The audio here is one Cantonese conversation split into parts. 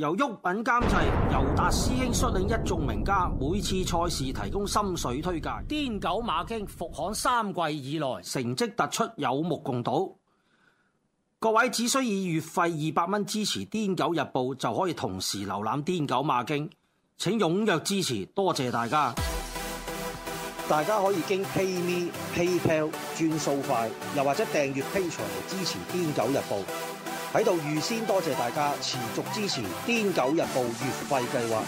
由毓民監製，尤達師兄率領一眾名家，每次賽事提供心水推介。癲狗馬經復刊三季以來，成績突出，有目共睹。各位只需要以月費二百蚊支持癲狗日報，就可以同時瀏覽癲狗馬經。請踴躍支持，多謝大家。大家可以經 PayMe、PayPal 轉數快，又或者訂閱 Patreon 嚟支持癲狗日報。喺度預先多謝大家持續支持《癲狗日報》月費計劃。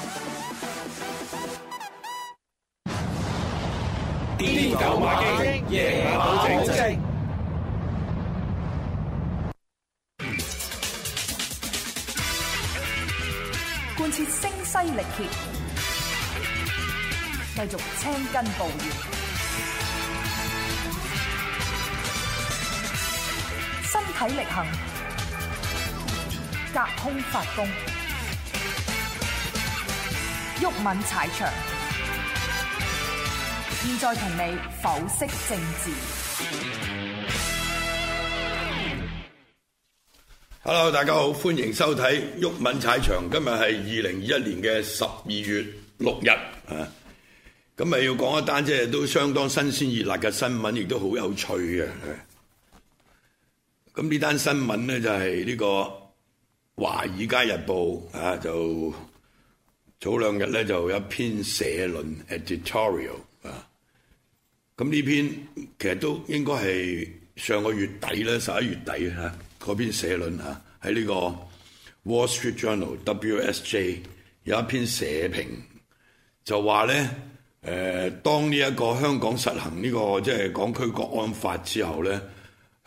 癲狗馬經，夜晚保證。貫徹聲嘶力竭，繼續青筋暴現，身體力行。隔空發功，毓民踩場，現在同你剖析政治。Hello，大家好，歡迎收睇毓民踩場。今日係二零二一年嘅十二月六日啊，咁咪要講一單即係都相當新鮮熱辣嘅新聞，亦都好有趣嘅。咁呢單新聞呢，就係呢個。《華爾街日報》啊，就早兩日咧就有一篇社論 （editorial） 啊。咁呢篇其實都應該係上個月底咧，十一月底啊，嗰篇社論啊，喺呢個《Wall Street Journal》（WSJ） 有一篇社評，就話咧誒，當呢一個香港實行呢個即係《港區國安法》之後咧，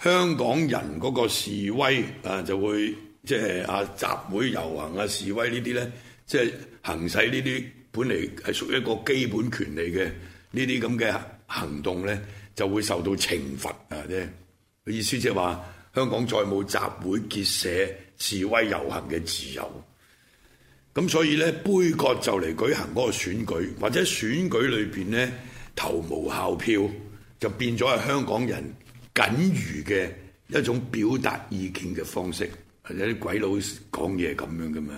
香港人嗰個示威啊就會，即係啊！集會遊行啊、示威呢啲呢，即係行使呢啲本嚟係屬於一個基本權利嘅呢啲咁嘅行動呢，就會受到懲罰啊！啫，意思即係話香港再冇集會結社、示威遊行嘅自由。咁所以呢，杯葛就嚟舉行嗰個選舉，或者選舉裏邊呢，投無效票，就變咗係香港人僅餘嘅一種表達意見嘅方式。有啲鬼佬講嘢咁樣嘅嘛，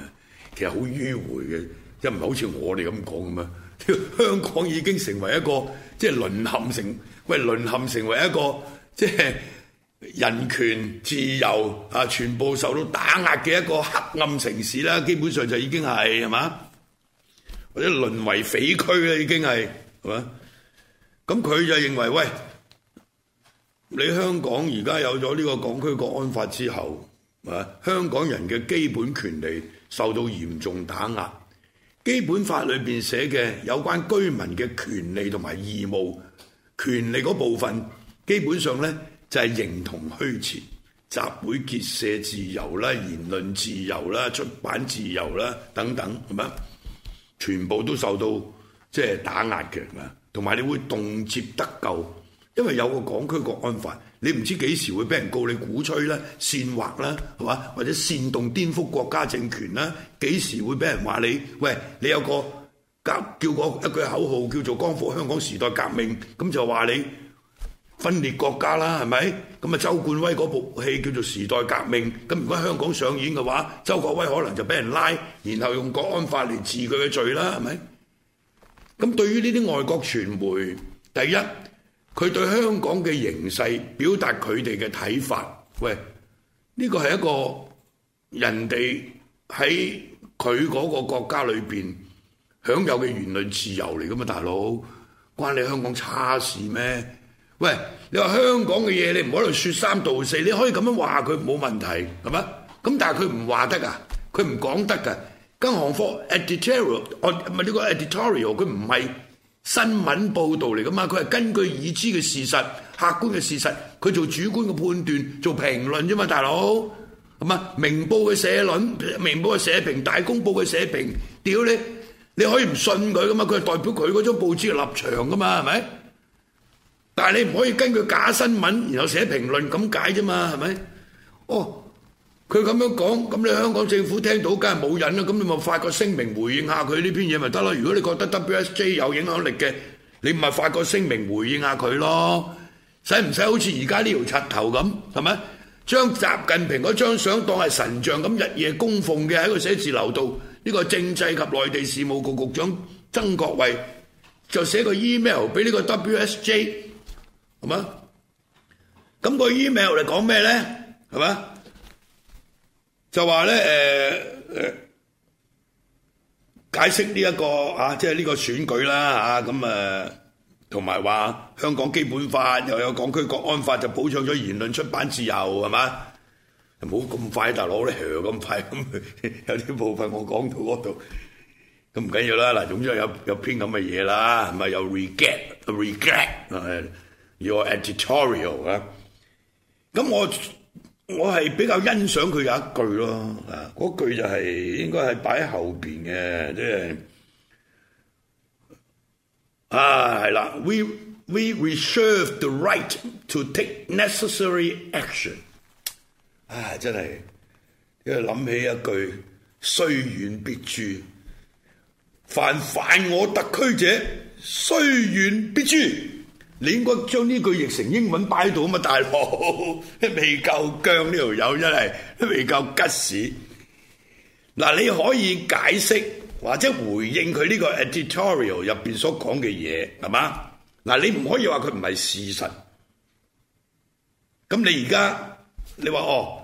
其實好迂迴嘅，即係唔係好似我哋咁講嘅嘛？香港已經成為一個即係淪陷成，喂，淪陷成為一個即係人權自由啊，全部受到打壓嘅一個黑暗城市啦，基本上就已經係係嘛，或者淪為匪區啦，已經係係嘛。咁佢就認為喂，你香港而家有咗呢個港區國安法之後。香港人嘅基本權利受到嚴重打壓，基本法裏面寫嘅有關居民嘅權利同埋義務，權利嗰部分基本上呢就係形同虛設，集會結社自由啦、言論自由啦、出版自由啦等等，全部都受到即係打壓嘅，同埋你會動輒得咎，因為有個港區國安法。你唔知幾時會俾人告你鼓吹咧、煽惑咧，係嘛？或者煽動顛覆國家政權咧？幾時會俾人話你？喂，你有個叫，叫個一句口號叫做《光復香港時代革命》，咁就話你分裂國家啦，係咪？咁啊，周冠威嗰部戲叫做《時代革命》，咁如果香港上演嘅話，周國威可能就俾人拉，然後用國安法嚟治佢嘅罪啦，係咪？咁對於呢啲外國傳媒，第一。佢對香港嘅形勢表達佢哋嘅睇法，喂，呢個係一個人哋喺佢嗰個國家裏邊享有嘅言論自由嚟噶嘛，大佬關你香港差事咩？喂，你話香港嘅嘢你唔可以度説三道四，你可以咁樣話佢冇問題係咪？咁但係佢唔話得㗎，佢唔講得㗎，跟韓科 editorial，唔係呢個 editorial 佢唔係。新聞報導嚟噶嘛？佢係根據已知嘅事實、客觀嘅事實，佢做主觀嘅判斷、做評論啫嘛，大佬，係嘛？明報嘅社論，明報嘅社評，大公報嘅社評，屌你，你可以唔信佢噶嘛？佢係代表佢嗰張報紙嘅立場噶嘛，係咪？但係你唔可以根據假新聞然後寫評論咁解啫嘛，係咪？哦。佢咁樣講，咁你香港政府聽到梗係冇癮啦，咁你咪發個聲明回應下佢呢篇嘢咪得咯。如果你覺得 WSJ 有影響力嘅，你咪發個聲明回應下佢咯。使唔使好似而家呢條柒頭咁？係咪將習近平嗰張相當係神像咁日夜供奉嘅喺個寫字樓度？呢個政制及內地事務局局長曾國衞就寫個 email 俾呢個 WSJ，係嘛？咁個 email 嚟講咩呢？係嘛？就話咧，誒誒解釋呢、這、一個啊，即係呢個選舉啦吓咁誒，同埋話香港基本法又有港區國安法就保障咗言論出版自由係嘛？唔好咁快大佬咧，咁、啊、快咁， 有啲部分我講到嗰度咁唔緊要啦。嗱，總之有有編咁嘅嘢啦，咪有 regret regret 啊，your editorial 啊，咁我。我係比較欣賞佢有一句咯，啊，嗰句就係應該係擺喺後邊嘅，即係，啊係啦，we we reserve the right to take necessary action，啊真係，一諗起一句，雖遠必誅，凡犯我特區者，雖遠必誅。你應該將呢句譯成英文擺到度啊嘛，大佬。都未夠僵呢條友，真係都未夠吉屎。嗱，你可以解釋或者回應佢呢個 editorial 入邊所講嘅嘢係嘛？嗱，你唔可以話佢唔係事實現在。咁你而家你話哦，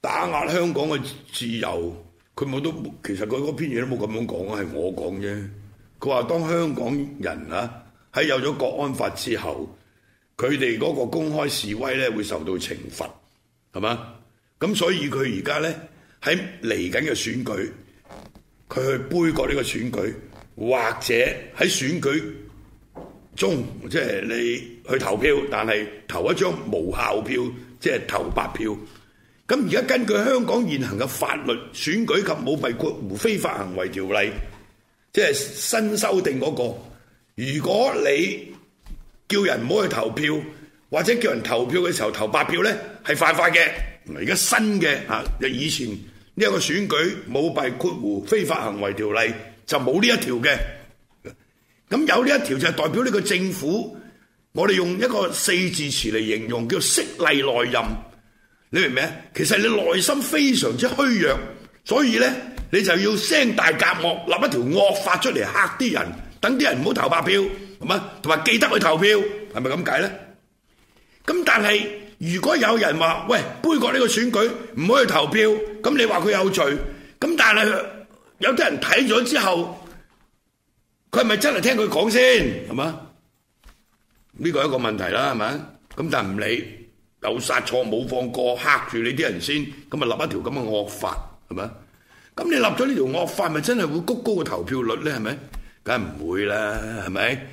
打壓香港嘅自由，佢冇都其實佢嗰篇嘢都冇咁樣講，係我講啫。佢話當香港人啊。喺有咗國安法之後，佢哋嗰個公開示威咧會受到懲罰，係嘛？咁所以佢而家咧喺嚟緊嘅選舉，佢去杯葛呢個選舉，或者喺選舉中即係你去投票，但係投一張無效票，即係投白票。咁而家根據香港現行嘅法律《選舉及舞弊括胡非法行為條例》，即係新修訂嗰個。如果你叫人唔好去投票，或者叫人投票嘅時候投白票咧，係犯法嘅。而家新嘅啊，以前呢個選舉舞弊括弧非法行為條例就冇呢一條嘅。咁有呢一條就係代表呢個政府，我哋用一個四字詞嚟形容，叫色厲內荏。你明唔明啊？其實你內心非常之虛弱，所以咧你就要聲大夾惡，立一條惡法出嚟吓啲人。等啲人唔好投白票，係嘛？同埋記得去投票，係咪咁解咧？咁但係，如果有人話，喂，杯葛呢個選舉，唔可以投票，咁你話佢有罪？咁但係有啲人睇咗之後，佢係咪真係聽佢講先？係嘛？呢個係一個問題啦，係嘛？咁但係唔理，有殺錯冇放過，嚇住你啲人先，咁咪立一條咁嘅惡法，係嘛？咁你立咗呢條惡法，咪真係會谷高個投票率咧？係咪？梗係唔會啦，係咪？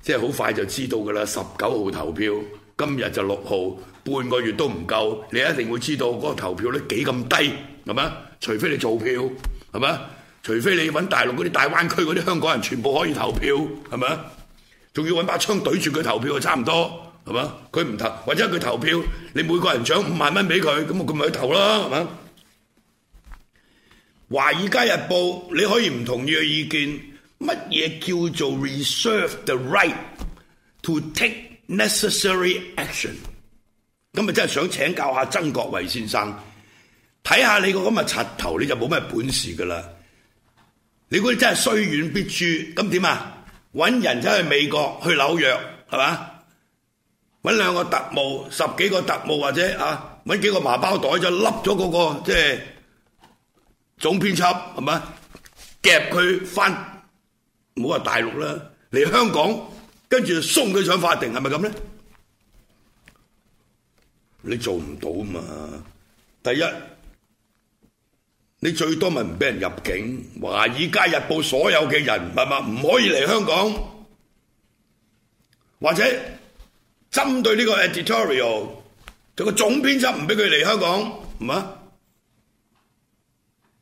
即係好快就知道㗎啦。十九號投票，今日就六號，半個月都唔夠。你一定會知道嗰個投票率幾咁低，係咪？除非你做票，係咪？除非你揾大陸嗰啲大灣區嗰啲香港人，全部可以投票，係咪？仲要揾把槍對住佢投票就差唔多，係咪？佢唔投，或者佢投票，你每個人獎五萬蚊俾佢，咁佢咪去投啦，係咪？華爾街日報，你可以唔同意嘅意見。乜嘢叫做 reserve the right to take necessary action？咁啊，真係想請教下曾國衞先生，睇下你個咁咪柒頭，你就冇咩本事噶啦！你估真係雖遠必誅，咁點啊？揾人走去美國去紐約係嘛？揾兩個特務十幾個特務或者啊，揾幾個麻包袋，嗰個，就笠咗個即係總編輯係咪？夾佢翻。唔好話大陸啦，嚟香港跟住送佢上法庭係咪咁咧？你做唔到嘛？第一，你最多咪唔俾人入境《華爾街日報》所有嘅人，唔係嘛？唔可以嚟香港，或者針對呢個 editorial，佢個總編輯唔俾佢嚟香港，係咪？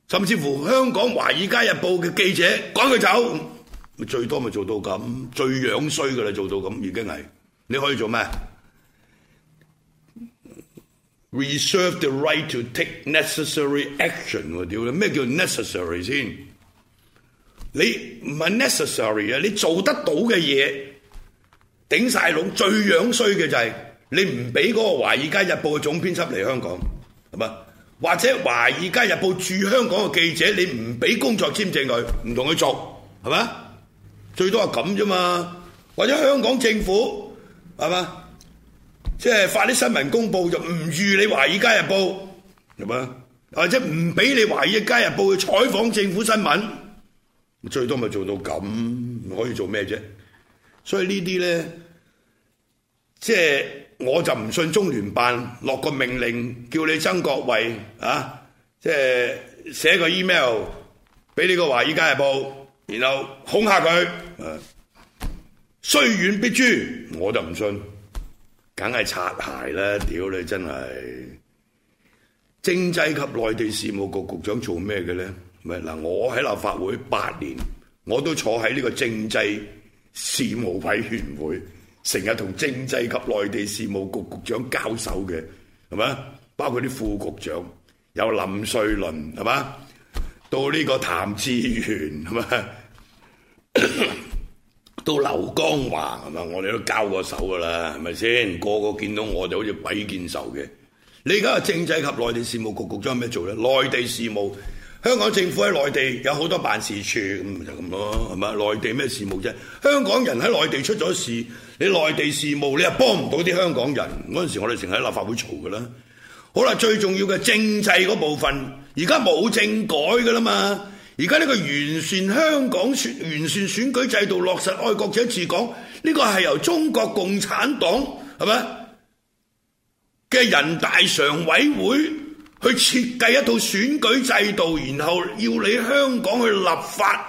甚至乎香港《華爾街日報》嘅記者趕佢走。最多咪做到咁，最樣衰嘅啦！做到咁已經係，你可以做咩？Reserve the right to take necessary action，我屌你咩叫 necessary 先？你唔係 necessary 啊！你做得到嘅嘢，頂曬籠最樣衰嘅就係你唔俾嗰個《華爾街日報》嘅總編輯嚟香港，係嘛？或者《華爾街日報》駐香港嘅記者，你唔俾工作簽證佢，唔同佢做，係嘛？最多係咁啫嘛，或者香港政府係嘛，即係發啲新聞公布就唔預你《華爾街日報》，係嘛，或者唔俾你《華爾街日報》去採訪政府新聞，最多咪做到咁，可以做咩啫？所以呢啲呢，即係我就唔信中聯辦落個命令叫你曾國衛啊，即係寫個 email 俾你個《華爾街日報》。然後恐嚇佢，誒、啊，雖遠必誅，我就唔信，梗係擦鞋啦！屌你真係政制及內地事務局局長做咩嘅咧？咪嗱，我喺立法會八年，我都坐喺呢個政制事務委員會，成日同政制及內地事務局局長交手嘅，係咪？包括啲副局長，有林瑞麟，係咪？到呢個譚志源，係咪？ 到劉江華係嘛，我哋都交過手噶啦，係咪先？個個見到我就好似鬼見愁嘅。你而家係政制及內地事務局局長有咩做咧？內地事務，香港政府喺內地有好多辦事處，咁就咁咯，係嘛？內地咩事務啫？香港人喺內地出咗事，你內地事務你又幫唔到啲香港人。嗰陣時候我哋成日喺立法會嘈噶啦。好啦，最重要嘅政制嗰部分，而家冇政改噶啦嘛。而家呢個完善香港選完善選舉制度、落實愛國者治港，呢、呢個係由中國共產黨係咪嘅人大常委會去設計一套選舉制度，然後要你香港去立法，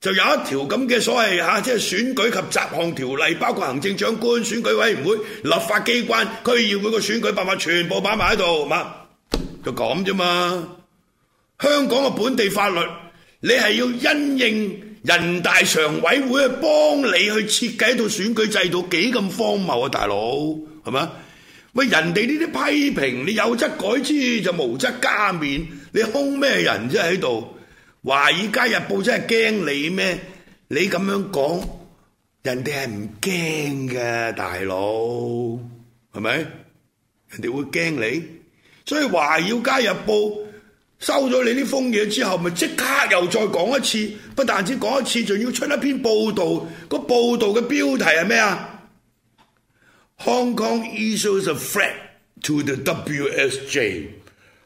就有一條咁嘅所謂、啊、即係選舉及雜項條例，包括行政長官選舉委員會、立法機關、區議會嘅選舉辦法，全部擺埋喺度，嘛就咁啫嘛，香港嘅本地法律。你係要因應人大常委會去幫你去設計一套選舉制度，幾咁荒謬啊，大佬係咪？喂，人哋呢啲批評，你有則改之就無則加勉，你兇咩人啫喺度？華爾街日報真係驚你咩？你咁樣講，人哋係唔驚嘅，大佬係咪？人哋會驚你，所以華爾街日報。收咗你啲封嘢之後，咪即刻又再講一次，不但止講一次，仲要出一篇報道。個報道嘅標題係咩啊？Hong Kong issues a threat to the WSJ。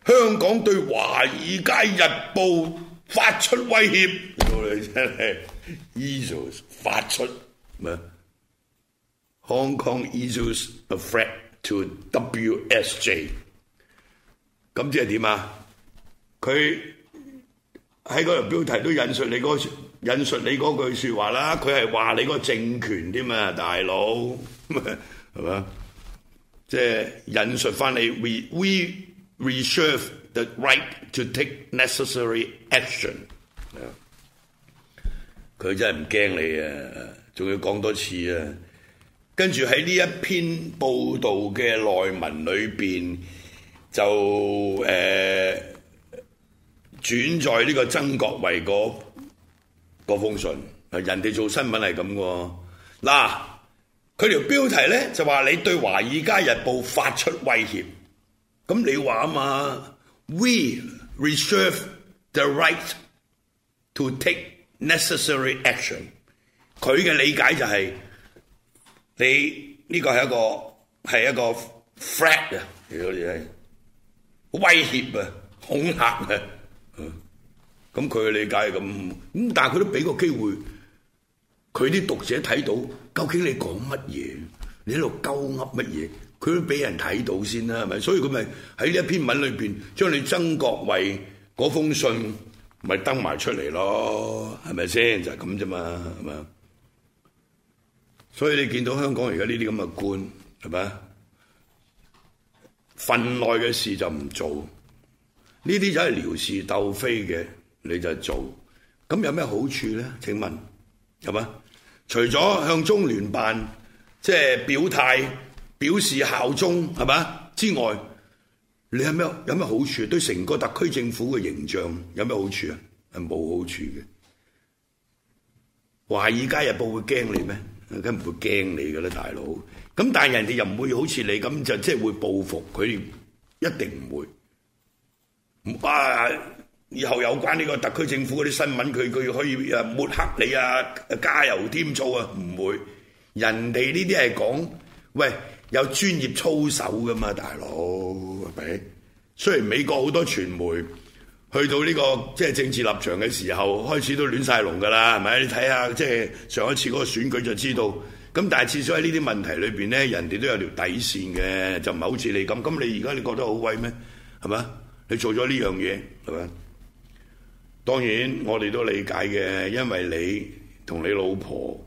香港對華爾街日報發出威脅。你真係 issues 發出咩？Hong Kong issues a threat to WSJ。咁即係點啊？佢喺嗰個標題都引述你嗰引述你嗰句説話啦，佢係話你個政權添嘛，大佬係嘛？即係引述翻你，we we reserve the right to take necessary action。佢真係唔驚你啊！仲要講多次啊！跟住喺呢一篇報道嘅內文裏邊就誒，呃轉載呢個曾國衞嗰封信，人哋做新聞係咁喎。嗱，佢條標題咧就話你對《華爾街日報》發出威脅，咁你話啊嘛？We reserve the right to take necessary action。佢嘅理解就係你呢個係一個係一個 flag 啊，你好似係威脅啊、恐嚇啊。咁佢嘅理解咁咁，但係佢都俾個機會，佢啲讀者睇到究竟你講乜嘢，你喺度鳩噏乜嘢，佢都俾人睇到先啦，係咪？所以佢咪喺呢一篇文裏面將你曾國衞嗰封信咪登埋出嚟咯，係咪先？就係咁啫嘛，係咪、就是？所以你見到香港而家呢啲咁嘅官係咪啊？份內嘅事就唔做，呢啲就係撩事鬥非嘅。你就做，咁有咩好處咧？請問，係咪？除咗向中聯辦即係表態、表示效忠，係嘛，之外，你有咩有咩好處？對成個特區政府嘅形象有咩好處啊？係冇好處嘅。華爾街日報會驚你咩？梗唔會驚你嘅啦，大佬。咁但係人哋又唔會好似你咁就即係會報復佢哋，一定唔會。啊！以後有關呢個特區政府嗰啲新聞，佢佢可以誒抹黑你啊，加油添醋啊，唔會。人哋呢啲係講，喂，有專業操守噶嘛，大佬係咪？雖然美國好多傳媒去到呢個即係政治立場嘅時候，開始都亂晒龍㗎啦，係咪？你睇下即係上一次嗰個選舉就知道。咁但係至少喺呢啲問題裏面咧，人哋都有條底線嘅，就唔係好似你咁。咁你而家你覺得好威咩？係咪？你做咗呢樣嘢係咪？當然，我哋都理解嘅，因為你同你老婆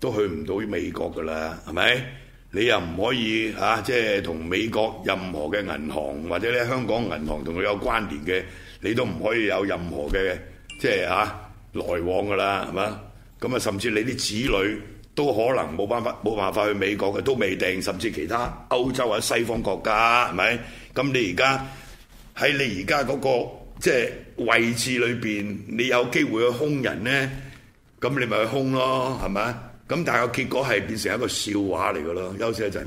都去唔到美國㗎啦，係咪？你又唔可以啊，即係同美國任何嘅銀行或者咧香港銀行同佢有關聯嘅，你都唔可以有任何嘅即係啊來往㗎啦，係嘛？咁啊，甚至你啲子女都可能冇辦法冇辦法去美國嘅，都未定，甚至其他歐洲或者西方國家，係咪？咁你而家喺你而家嗰個。即係位置裏邊你有機會去兇人咧，咁你咪去兇咯，係咪？咁但係個結果係變成一個笑話嚟嘅咯，休息一陣。